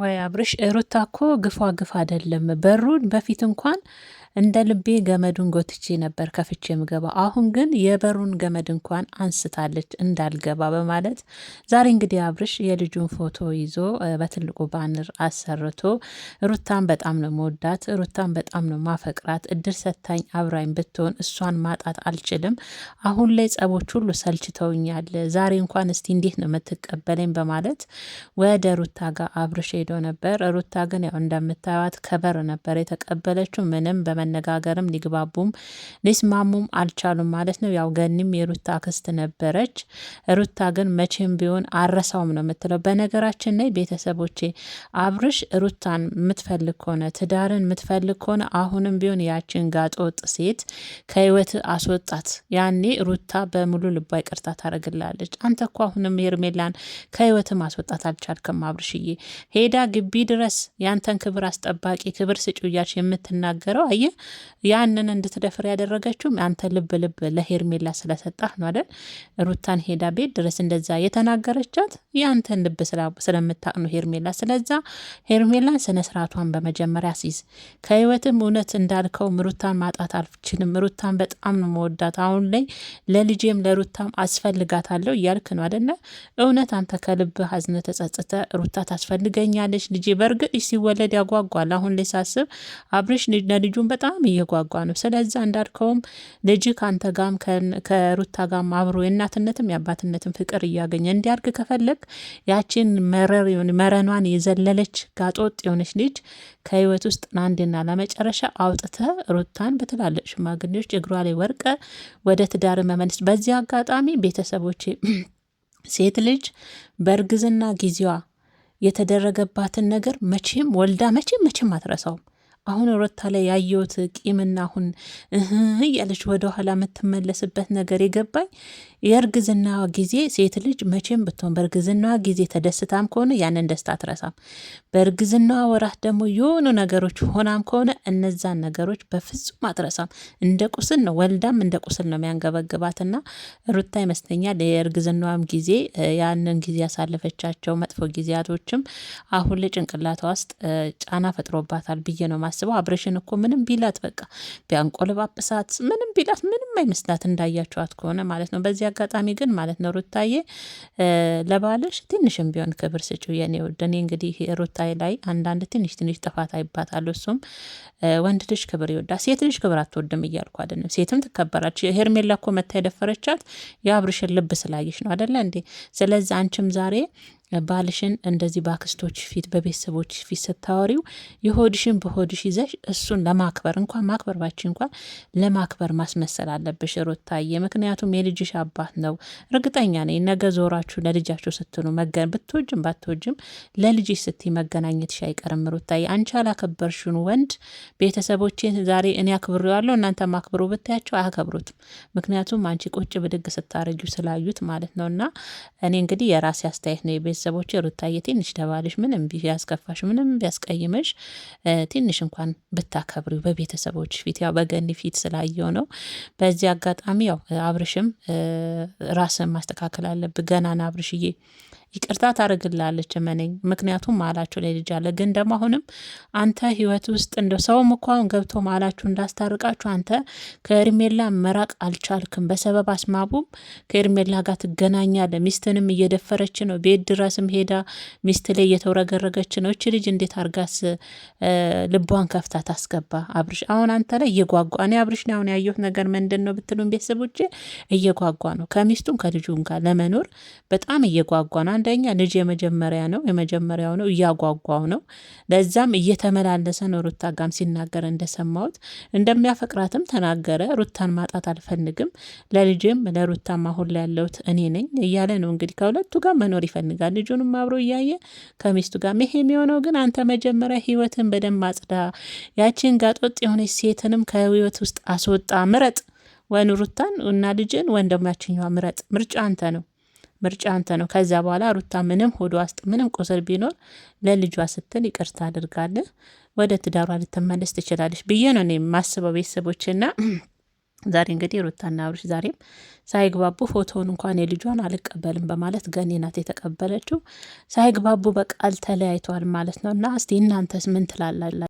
ወይ አብርሽ ሩታ እኮ ግፏ ግፍ አይደለም። በሩን በፊት እንኳን እንደ ልቤ ገመዱን ጎትቼ ነበር ከፍቼ የምገባ፣ አሁን ግን የበሩን ገመድ እንኳን አንስታለች እንዳልገባ በማለት ዛሬ እንግዲህ አብርሽ የልጁን ፎቶ ይዞ በትልቁ ባንር አሰርቶ ሩታን በጣም ነው መወዳት፣ ሩታን በጣም ነው ማፈቅራት፣ እድል ሰታኝ አብራኝ ብትሆን እሷን ማጣት አልችልም። አሁን ላይ ጸቦች ሁሉ ሰልችተውኛል። ዛሬ እንኳን እስቲ እንዴት ነው የምትቀበለኝ በማለት ወደ ሩታ ጋር አብርሽ ሄዶ ነበር። ሩታ ግን ያው እንደምታዩት ከበር ነበር የተቀበለችው ምንም በመ ለመነጋገርም ሊግባቡም ሊስማሙም አልቻሉም ማለት ነው። ያው ገኒም የሩታ ክስት ነበረች። ሩታ ግን መቼም ቢሆን አረሳውም ነው የምትለው። በነገራችን ላይ ቤተሰቦቼ አብርሽ ሩታን የምትፈልግ ከሆነ ትዳርን የምትፈልግ ከሆነ አሁንም ቢሆን ያችን ጋጦጥ ሴት ከህይወት አስወጣት። ያኔ ሩታ በሙሉ ልባይ ይቅርታ ታደርግላለች። አንተ እኮ አሁንም ሄርሜላን ከህይወት ማስወጣት አልቻልክም አብርሽዬ። ሄዳ ግቢ ድረስ ያንተን ክብር አስጠባቂ ክብር ስጩያች የምትናገረው አየ ያንን እንድትደፍር ያደረገችው አንተ ልብ ልብ ለሄርሜላ ስለሰጣህ ነው አይደል? ሩታን ሄዳ ቤት ድረስ እንደዛ የተናገረቻት ያንተን ልብ ስለምታቅ ነው ሄርሜላ። ስለዛ ሄርሜላን ስነ ስርዓቷን በመጀመሪያ ሲይዝ ከህይወትም እውነት እንዳልከውም ሩታን ማጣት አልችልም፣ ሩታን በጣም ነው መወዳት፣ አሁን ላይ ለልጄም ለሩታም አስፈልጋታለሁ እያልክ ነው አይደለ? እውነት አንተ ከልብ አዝነ ተጸጽተ ሩታ ታስፈልገኛለች ልጄ በእርግጥ ሲወለድ ያጓጓል። አሁን ላይ ሳስብ አብሬሽ ለልጁን በ በጣም እየጓጓ ነው። ስለዛ እንዳልከውም ልጅ ከአንተ ጋም ከሩታ ጋም አብሮ የእናትነትም የአባትነትም ፍቅር እያገኘ እንዲያድግ ከፈለግ ያችን መረኗን የዘለለች ጋጦጥ የሆነች ልጅ ከህይወት ውስጥ ለአንዴና ለመጨረሻ አውጥተ ሩታን በትላልቅ ሽማግሌዎች እግሯ ላይ ወርቀ ወደ ትዳር መመለስ። በዚህ አጋጣሚ ቤተሰቦቼ ሴት ልጅ በእርግዝና ጊዜዋ የተደረገባትን ነገር መቼም ወልዳ መቼም መቼም አትረሳውም። አሁን ሩታ ላይ ያየሁት ቂምና አሁን እያለች ወደኋላ የምትመለስበት ነገር የገባኝ የእርግዝና ጊዜ ሴት ልጅ መቼም ብትሆን በእርግዝና ጊዜ ተደስታም ከሆነ ያንን ደስታ አትረሳም። በእርግዝና ወራት ደግሞ የሆኑ ነገሮች ሆናም ከሆነ እነዛን ነገሮች በፍጹም አትረሳም። እንደ ቁስል ነው ወልዳም እንደ ቁስል ነው የሚያንገበግባትና ሩታ ይመስለኛል የእርግዝናዋም ጊዜ ያንን ጊዜ ያሳለፈቻቸው መጥፎ ጊዜያቶችም አሁን ላይ ጭንቅላቷ ውስጥ ጫና ፈጥሮባታል ብዬ ነው ማስ የምታስበው አብርሽን እኮ ምንም ቢላት በቃ ቢያንቆለባብሳት ምንም ቢላት ምንም አይመስላት እንዳያቸዋት ከሆነ ማለት ነው። በዚህ አጋጣሚ ግን ማለት ነው ሩታዬ ለባልሽ ትንሽም ቢሆን ክብር ስጪው የኔ ውድ። እኔ እንግዲህ ሩታዬ ላይ አንዳንድ ትንሽ ትንሽ ጥፋት አይባታል። እሱም ወንድ ልጅ ክብር ይወዳ፣ ሴት ልጅ ክብር አትወድም እያልኩ አይደለም። ሴትም ትከበራች። ሄርሜላ እኮ መታ የደፈረቻት የአብርሽን ልብ ስላየሽ ነው አደለ እንዴ? ስለዚህ አንቺም ዛሬ ባልሽን እንደዚህ በአክስቶች ፊት በቤተሰቦች ፊት ስታወሪው የሆድሽን በሆድሽ ይዘሽ እሱን ለማክበር እንኳን ማክበር ባች እንኳን ለማክበር ማስመሰል አለብሽ ሩታዬ። ምክንያቱም የልጅሽ አባት ነው። እርግጠኛ ነኝ ነገ ዞራችሁ ለልጃችሁ ስትሉ መገን ብትወጅም ባትወጅም ለልጅሽ ስት መገናኘትሽ አይቀርም ሩታዬ። አንቺ አላከበርሽን ወንድ ቤተሰቦቼን ዛሬ እኔ አክብሬዋለሁ እናንተ ማክብሩ ብታያቸው አያከብሩትም። ምክንያቱም አንቺ ቁጭ ብድግ ስታረጊ ስላዩት ማለት ነው። እና እኔ እንግዲህ የራሴ አስተያየት ነው ቤተሰቦች ሩታዬ ትንሽ ተባልሽ ምንም ቢያስከፋሽ ምንም ቢያስቀይምሽ ትንሽ እንኳን ብታከብሪው በቤተሰቦች ፊት ያው በገኒ ፊት ስላየው ነው። በዚህ አጋጣሚ ያው አብርሽም ራስን ማስተካከል አለብህ ገናን አብርሽዬ ይቅርታ ታደርግላለች። እመነኝ ምክንያቱም መሀላችሁ ላይ ልጅ አለ። ግን ደግሞ አሁንም አንተ ህይወት ውስጥ እንደ ሰውም እኮ አሁን ገብቶ መሀላችሁ እንዳስታርቃችሁ አንተ ከእርሜላ መራቅ አልቻልክም። በሰበብ አስማቡም ከእርሜላ ጋር ትገናኛለ። ሚስትንም እየደፈረች ነው። ቤት ድረስም ሄዳ ሚስት ላይ እየተውረገረገች ነው። እች ልጅ እንዴት አርጋስ ልቧን ከፍታ ታስገባ? አብርሽ አሁን አንተ ላይ እየጓጓ እኔ አብርሽ ነው አሁን ያየሁት ነገር ምንድን ነው ብትሉን፣ ቤተሰቦቼ እየጓጓ ነው ከሚስቱም ከልጁም ጋር ለመኖር በጣም እየጓጓ ነው። አንደኛ ልጅ የመጀመሪያ ነው የመጀመሪያው ነው እያጓጓው ነው። ለዛም እየተመላለሰ ነው ሩታ ጋም ሲናገር እንደሰማሁት እንደሚያፈቅራትም ተናገረ። ሩታን ማጣት አልፈልግም፣ ለልጅም ለሩታም አሁን ላይ ያለሁት እኔ ነኝ እያለ ነው እንግዲህ ከሁለቱ ጋር መኖር ይፈልጋል። ልጁንም አብሮ እያየ ከሚስቱ ጋር ይሄ የሚሆነው ግን አንተ መጀመሪያ ህይወትን በደንብ አጽዳ፣ ያቺን ጋጦጥ የሆነች ሴትንም ከህይወት ውስጥ አስወጣ፣ ምረጥ ወይን ሩታን እና ልጅን ወይም ደግሞ ያችኛዋ ምረጥ። ምርጫ አንተ ነው። ምርጫ አንተ ነው። ከዛ በኋላ ሩታ ምንም ሆዶ ውስጥ ምንም ቁስል ቢኖር ለልጇ ስትል ይቅርታ አድርጋለህ ወደ ትዳሯ ልትመለስ ትችላለች ብዬ ነው እኔ የማስበው ቤተሰቦችና ዛሬ እንግዲህ ሩታና አብርሽ ዛሬም ሳይግባቡ ፎቶውን እንኳን የልጇን አልቀበልም በማለት ገኔ ናት የተቀበለችው። ሳይግባቡ በቃል ተለያይተዋል ማለት ነው። እና እስቲ እናንተስ ምን ትላላላ?